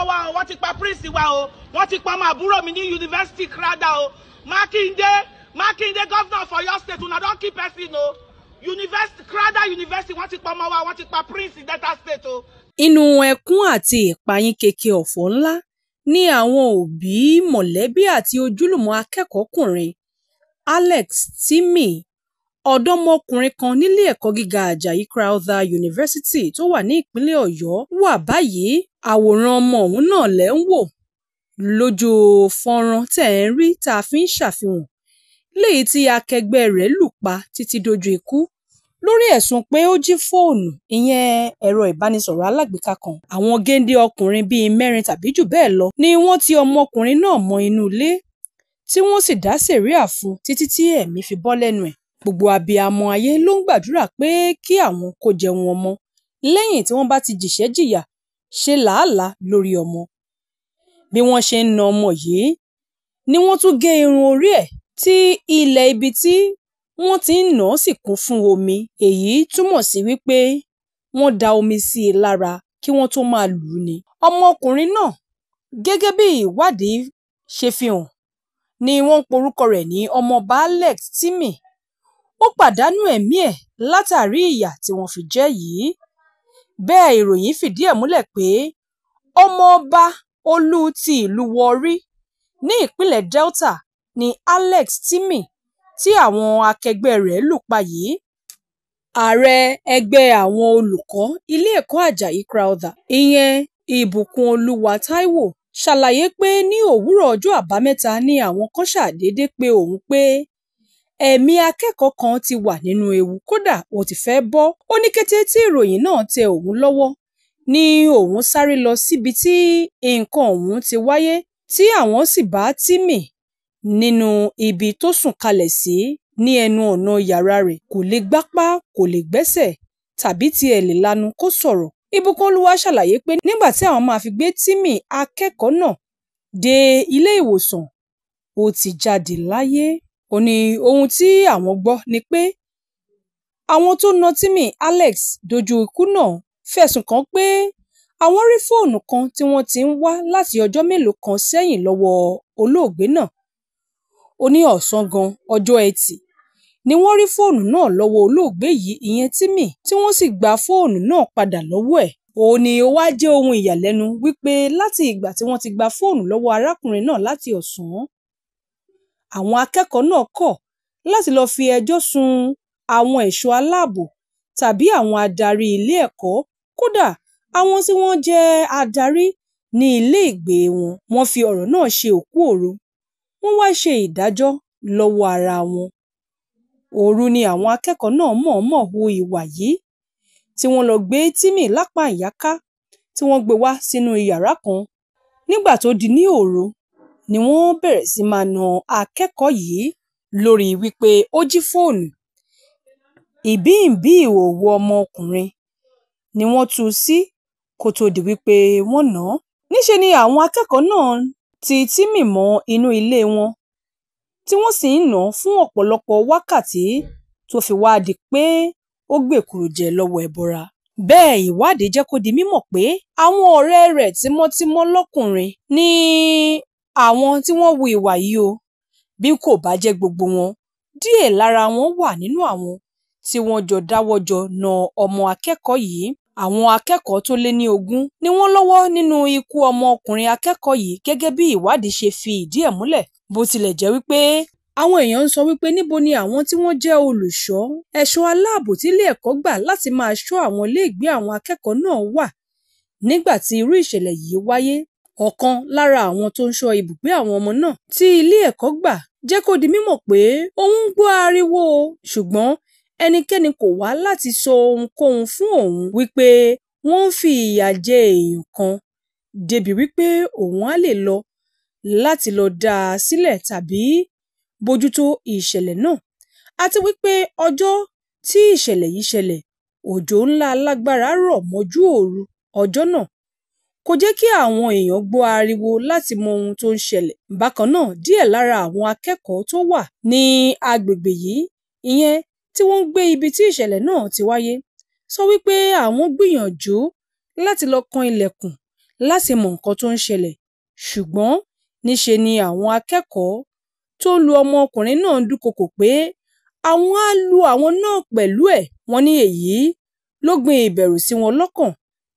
ọmọ wa o wọ́n ti pa prince wa o wọ́n ti pa ọmọ àbúrò mi ní yunifásitì krada o mákindé mákindé gọ́vnà for your state una don keep person o yunifásitì krada yunifásitì wọ́n ti pa ọmọ wa wọ́n ti pa prince delta state o. inú ẹkún àti ìpayín keke ọ̀fọ̀ ńlá ni àwọn òbí mọ̀lẹ́bí àti ojúlùmọ̀ akẹ́kọ̀ọ́kùnrin Alex Timi ọ̀dọ́mọkùnrin kan nílé ẹ̀kọ́ gíga Àjàyí Crowther University tó wà ní ìpínlẹ̀ Ọ̀yọ́ wà báyìí Àwòrán ọmọ ọ̀hún náà lẹ̀ ń wò lójú fọ́nràn tẹ̀ ń rí tá a fi ń ṣàfihàn léyìí tí akẹgbẹ́ rẹ̀ lù pa títí dójú ikú lórí ẹ̀sùn pé ó jí fóònù ìyẹn ẹ̀rọ ìbánisọ̀rọ̀ alágbèéká kan. Àwọn géńdé ọkùnrin bíi mẹ́rin tàbí jù bẹ́ẹ̀ lọ ni wọ́n ti ọmọkùnrin náà mọ inú ilé, tí wọ́n sì dá sẹ̀ríà fún títí tí ẹ̀mí fi bọ́ lẹ́nu ẹ̀. Gbogbo abiyamọ ayé ló ń gbàdúrà pé kí àwọn kó jẹun ọmọ lẹ́yìn tí wọ́n bá ti jìṣẹ́ jìyà ṣe làálàá lórí ọmọ bí wọ́n ṣe ń na ọmọ yìí ni wọ́n tún gé irun orí ẹ̀ tí ilẹ̀ ibi tí wọ́n ti ń nà á sì kún fún omi èyí túmọ̀ sí wípé wọ́n da omi sí i lára kí wọ́n tó máa lù ú ni. ọmọkùnrin náà gẹ́gẹ́ bí ìwádìí ṣe fi hàn ni wọ́n ń porúkọ rẹ̀ ní ọmọọba Alex Timi ó pàdánù ẹ̀mí ẹ̀ látàrí ìyà tí wọ́n fi jẹ́ yìí Bẹ́ẹ̀ ìròyìn fìdí ẹ̀ múlẹ̀ pé Ọmọọba Olú ti ìlú Warri ní ìpínlẹ̀ Delta ni Alex Thimin tí àwọn akẹgbẹ́ rẹ̀ lù pa yìí, ààrẹ ẹgbẹ́ àwọn olùkọ́ ilé ẹ̀kọ́ Àjàyí Crowther ìyẹn Ìbùkúnolúwataiwo ṣàlàyé pé ní òwúrọ̀ ọjọ́ Àbámẹ́ta ni àwọn kan ṣàdédé pe òun pé: ẹ̀mí akẹ́kọ̀ọ́ kan ti wà nínú ewu kódà ó ti fẹ́ bọ́ ó ní kété tí ìròyìn náà tẹ òun lọ́wọ́ ni òun sáré lọ síbi tí nǹkan ọ̀hún ti wáyé tí àwọn sì bá Tímì nínú ibi tó sùn kalẹ̀ sí ní ẹnu ọ̀nà yàrá rẹ̀ kò lè gbápá kò lè gbẹ́sẹ̀ tàbí tiẹ̀ lè lanu kó sọ̀rọ̀ Ìbùkúnolúwa ṣàlàyé pé nígbà tí àwọn máa fi gbé Tímì akẹ́kọ̀ọ́ náà dé ilé ìwòsàn ó ti jáde láyé ó ní ohun tí àwọn gbọ́ ni pé àwọn tó na Timi Alex dojú ikú náà fẹ̀sùn kàn pé àwọn rí fóònù kan tí wọ́n ti ń wá láti ọjọ́ mélòó kan sẹ́yìn lọ́wọ́ olóògbé náà. Ó ní ọ̀sán gan ọjọ́ Ẹtì ni wọ́n rí fóònù náà lọ́wọ́ olóògbé yìí ìyẹn Timi tí wọ́n sì gba fóònù náà padà lọ́wọ́ ẹ̀. Ó ní ó wá jẹ́ ohun ìyàlẹ́nu wípé láti ìgbà tí wọ́n ti gba fóònù lọ́wọ́ arákùnrin náà láti ọ̀sán àwọn akẹ́kọ̀ọ́ náà kọ̀ láti lọ fi ẹjọ́ sun àwọn ẹ̀ṣọ́ aláàbò tàbí àwọn adarí ilé ẹ̀kọ́ kódà àwọn tí wọ́n jẹ́ adarí ní ilé ìgbé wọn. Wọ́n fi ọ̀rọ̀ náà ṣe òkú òru, wọ́n wá ṣe ìdájọ́ lọ́wọ́ ara wọn. Òru ni àwọn akẹ́kọ̀ọ́ náà mọ̀ọ́mọ̀ hu ìwà yìí tí wọ́n lọ gbé Timi lápá ìyáká tí wọ́n gbé wá sínú iyàrá kan. Nígbà tó di ní òru, ni wọ́n bẹ̀rẹ̀ sí máa na akẹ́kọ̀ọ́ yìí lórí wípé ó jí fóònù. Ìbíìnbí ìhòòhò ọmọkùnrin ni wọ́n tú u sí kó tó di wípé wọ́n nà án. Níṣe ni àwọn akẹ́kọ̀ọ́ náà ti tì mì mọ́ inú ilé wọn tí wọ́n sì ń nà án fún ọ̀pọ̀lọpọ̀ wákàtí tó fi wá di pé ó gbèkùrùjẹ lọ́wọ́ ẹbọra. Bẹ́ẹ̀ ìwádìí jẹ́ kó di mímọ̀ pé àwọn ọ̀rẹ́ rẹ̀ tímọ́tímọ́ lọ́kùnrin ni àwọn tí wọ́n hu ìwà yìí o bí kò bá jẹ́ gbogbo wọn díẹ̀ lára wọn wà nínú àwọn tí wọ́n jọ dáwọ́jọ na ọmọ akẹ́kọ̀ọ́ yìí àwọn akẹ́kọ̀ọ́ tó lé ní ogún ni wọ́n lọ́wọ́ nínú ikú ọmọ ọkùnrin akẹ́kọ̀ọ́ yìí gẹ́gẹ́ bí ìwádìí ṣe fi ìdí ẹ̀ múlẹ̀ bó tilẹ̀ jẹ́ wípé àwọn èèyàn ń sọ wípé níbo ni àwọn tí wọ́n jẹ́ olùṣọ́ ẹ̀ṣọ́ aláàbò tí ilé ẹ̀kọ́ gbà láti máa ṣọ́ àwọn iléègbé àwọn akẹ́kọ̀ọ́ náà wà nígbà tí irú ìṣẹ̀lẹ̀ yìí wáyé Ọ̀kan lára àwọn tó ń ṣọ́ ibùgbé àwọn ọmọ náà tí ilé-ẹ̀kọ́ gbà jẹ́ kó di mímọ̀ pé òun ń gbọ́ ariwo ṣùgbọ́n ẹnikẹ́ni kò wá láti sọ ohunkóhun fún òun wípé wọ́n ń fi ìyà jẹ èèyàn kan, débí wípé òun á lè lọ láti lọ dá a sílẹ̀ tàbí bójútó ìṣẹ̀lẹ̀ náà, àti wípé ọjọ́ tí ìṣẹ̀lẹ̀ yìí ṣẹlẹ̀, òjò ńlá alágbára rọ̀ mọ́jú òru ọjọ́ náà kò jẹ́ kí àwọn èèyàn gbọ́ ariwo láti mọ ohun tó ń ṣẹlẹ̀. Bákan náà, díẹ̀ lára àwọn akẹ́kọ̀ọ́ tó wà ní agbègbè yìí, ìyẹn tí wọ́n ń gbé ibi tí ìṣẹ̀lẹ̀ náà ti wáyé, sọ wípé àwọn gbìyànjú láti lọ kan ilẹ̀kùn láti mọ nǹkan tó ń ṣẹlẹ̀, ṣùgbọ́n níṣe ni àwọn akẹ́kọ̀ọ́ tó lu ọmọkùnrin náà ń dúnkookò pé àwọn á lu àwọn náà pẹ̀lú ẹ̀, wọ́n ní èyí ló gbin ìbẹ̀rù sí wọn lọ́kàn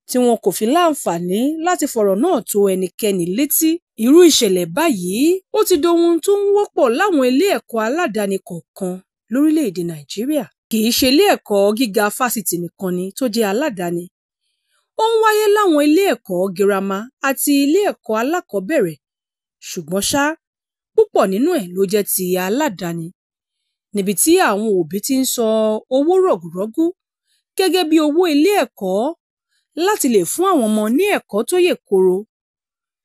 tí wọn kò fi láǹfààní láti fọ̀rọ̀ náà tó ẹnikẹ́ni létí. Irú ìṣẹ̀lẹ̀ báyìí ó ti dohun tó ń wọ́pọ̀ láwọn ilé ẹ̀kọ́ aládàáni kọ̀ọ̀kan lórílẹ̀-èdè Nàìjíríà. Kì í ṣe ilé ẹ̀kọ́ gíga fásitì nìkan ni tó jẹ́ aládàáni. Ó ń wáyé láwọn ilé ẹ̀kọ́ girama àti ilé ẹ̀kọ́ alákọ̀ọ́bẹ̀rẹ̀ ṣùgbọ́n ṣá, púpọ̀ nínú ẹ̀ ló jẹ́ ti aládàáni. Níbi tí àwọn òbí ti ń sọ owó rọ̀gùrọ́gú gẹ́gẹ́ bí owó ilé ẹ̀kọ́ láti lè fún àwọn ọmọ ní ẹ̀kọ́ tó yè kooro,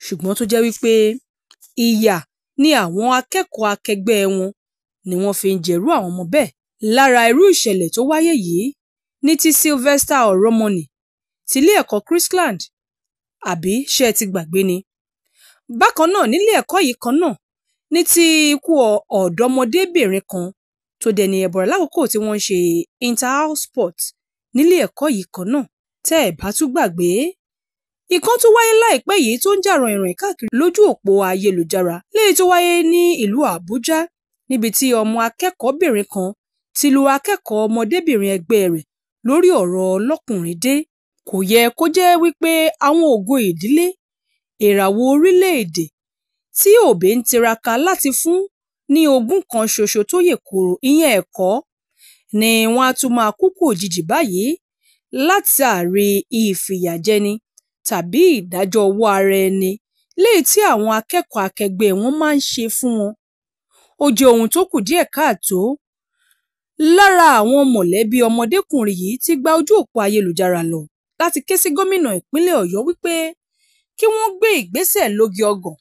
ṣùgbọ́n tó jẹ́ wípé ìyà ni àwọn akẹ́kọ̀ọ́ akẹgbẹ́ wọn ni wọ́n fi ń jẹrú àwọn ọmọ bẹ́ẹ̀. Lára irú ìṣẹ̀lẹ̀ tó wáyé yìí ni ti Sylvester Oromoni tilé ẹ̀kọ́ Christland, àbí ṣé ẹ ti gbàgbé ni? Bákan náà nílé ẹ̀kọ́ yìí kan náà ni ti ikú ọ̀dọ́mọdébìnrin kan tó dẹni ẹbọra lákòókò tí wọ́n ń ṣe inter-house sport nílé ẹ̀kọ́ yìí kan náà. Tẹ́ ẹ bá tún gbàgbé, ìkan tún wáyé láìpẹ́ yìí tó ń jà ròhìnròhìn káàkiri lójú òpó ayélujára léyìí tó wáyé ní ìlú Àbújá níbi tí ọmọ akẹ́kọ̀ọ́bìnrin kan ti lu akẹ́kọ̀ọ́ ọmọdébìnrin ẹgbẹ́ rẹ̀ lórí ọ̀rọ̀ lọ́kùnúndé. Kò yẹ kó jẹ́ wípé àwọn ògo ìdílé, ìràwọ̀ orílẹ̀-èdè tí òbí ń tiraka láti fún ní ogún kan ṣoṣo tó yèkoro ìyẹn ẹ̀kọ́, ni wọ́n á tún máa kúkú òjijì báyìí látàrí ìfìyàjẹni tàbí ìdájọ́ ọwọ́ ara ẹni léyìí tí àwọn akẹ́kọ̀ọ́ akẹgbẹ́ wọn máa ń ṣe fún wọn. Ó jẹ́ ohun tó kù díẹ̀ káàtó. Lára àwọn mọ̀lẹ́bí ọmọdékùnrin yìí ti gba ojú òpó ayélujára lọ láti ké sí gómìnà ìpínlẹ̀ Ọ̀yọ́ wípé kí wọ́n gbé ìgbésẹ̀ lógi ọgàn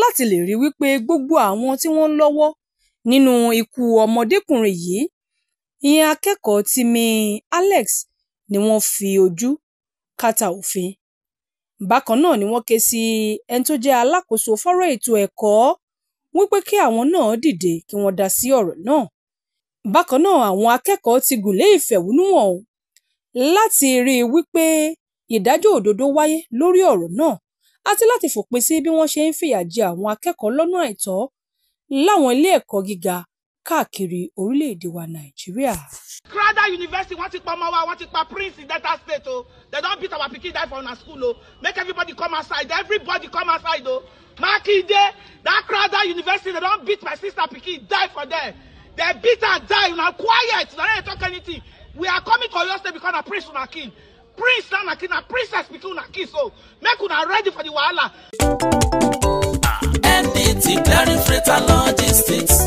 láti lè rí wípé gbogbo àwọn tí wọ́n lọ́wọ́ nínú ikú ọmọdékùnrin yìí, ìyẹn akẹ́kọ̀ọ́ Timi Alex ni wọ́n fi ojú kàtà òfin. Bákan náà ni wọ́n ké sí ẹni tó jẹ́ alákòóso fọ́rọ̀ ètò ẹ̀kọ́ wípé kí àwọn náà dìde kí wọ́n dá sí ọ̀rọ̀ náà. Bákan náà àwọn akẹ́kọ̀ọ́ ti gùnlé ìfẹ̀hónúhàn láti rí i wípé ìdájọ́ òdodo wáyé lórí ọ̀rọ̀ náà àti láti fòpin sí bí wọ́n ṣe ń fìyà jẹ àwọn akẹ́kọ̀ọ́ lọ́nà àìtọ́ láwọn ilé ẹ̀kọ́ gíga káàkiri orílẹ̀-èdè wa nàìjíríà. crowder university wọ́n ti pa ọmọ wa wọ́n ti pa prince in delta state o they don beat our pikin die for una school o make everybody come outside everybody come outside o makinde that crowder university they don beat my sister pikin die for there they beat her die una quiet una no dey talk anything we are coming to oyo state because na prince una kill prince na una kill na princess pikin una kill so make una ready for the wahala. mdt ah, clearing freighter logistics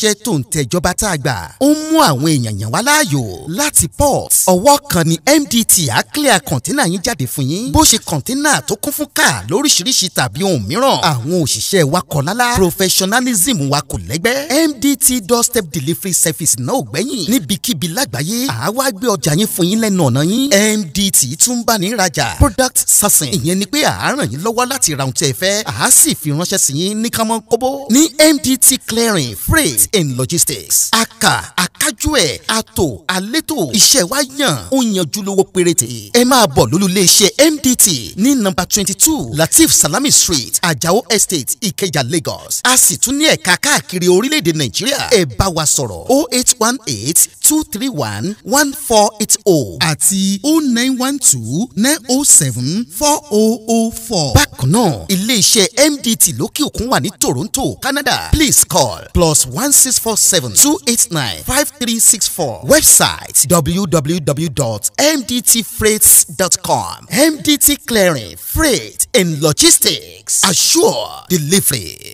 iṣẹ́ tó ń tẹ̀jọba tá a gbà ó ń mú àwọn èèyàn yàn wá láàyò láti port ọwọ́ kan ni MDT clear kọ̀ńténà yín jáde fún yín bó ṣe kọ̀ńténà tó kún fún káà lóríṣiríṣi tàbí ohun mìíràn àwọn òṣìṣẹ́ wa kọ̀ lálá professionalism wa kò lẹ́gbẹ́ MDT doorstep delivery service náà ò gbẹ́yìn níbikíbi lágbàáyé àwa gbé ọjà yín fún yín lẹ́nu ọ̀nà yín MDT tún bá ní ìrajà product sourcing ìyẹn ni pé à á ràn yín lọ́wọ́ láti ra ohun tí ẹ fẹ́ à á sì fi ránṣẹ́ sí yín ní kámọ́ kóbó ní MDT clearing freight and logistics aka akájú ẹ̀ ato aleto iṣẹ́ wa yàn ó yanjú lówó péréte ẹ máa bọ̀ lólulẹ̀ iṣẹ́ MDT ní nọ́mbà twenty two Latif Salami Street Ajao Estate Ikeja Lagos a sì tún ní ẹ̀ka káàkiri orílẹ̀-èdè Nàìjíríà ẹ bá wa sọ̀rọ̀ o oh eight one eight two three one one four eight oh àti o oh nine one two nine oh seven four oh oh four. bákan náà ilé iṣẹ́ MDT lókè òkun wà ní Toronto Canada please call plus one six four seven two eight nine five three six four website www.mdtfreights.com MDT Clearing Freight and Logistics assure delivery.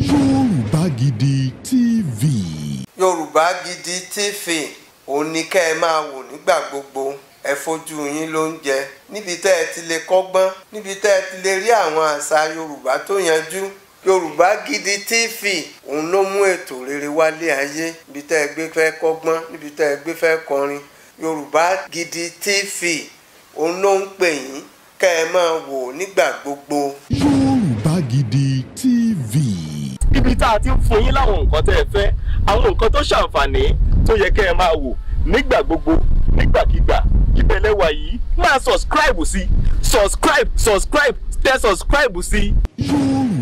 Yorùbá Gidi TV. Yorùbá Gidi TV òun ni kẹ́ ẹ máa wò nígbà gbogbo ẹ fojú yín ló ń jẹ níbi tẹ́ ẹ ti lè kọ́gbọ́n níbi tẹ́ ẹ ti lè rí àwọn àṣà Yorùbá tó yanjú yorùbá gidi tv òun ló mú ètò rere wálé ayé ibi tẹ́ ẹ gbé fẹ́ kọ́gbọ́n níbi tẹ́ ẹ gbé fẹ́ kọrin yorùbá gidi tv òun ló ń pè yín kẹ́ ẹ máa wò nígbà gbogbo. yorùbá gidi tv. ibi tá a ti ń fún yín láwọn nǹkan tẹ́ ẹ fẹ́ àwọn nǹkan tó ṣàǹfààní tó yẹ kẹ́ ẹ máa wò nígbà gbogbo nígbàkigbà ìbẹ̀lẹ̀wà yìí máa subscribe sí subscribe subscribe tẹ subscribe sí. yorùbá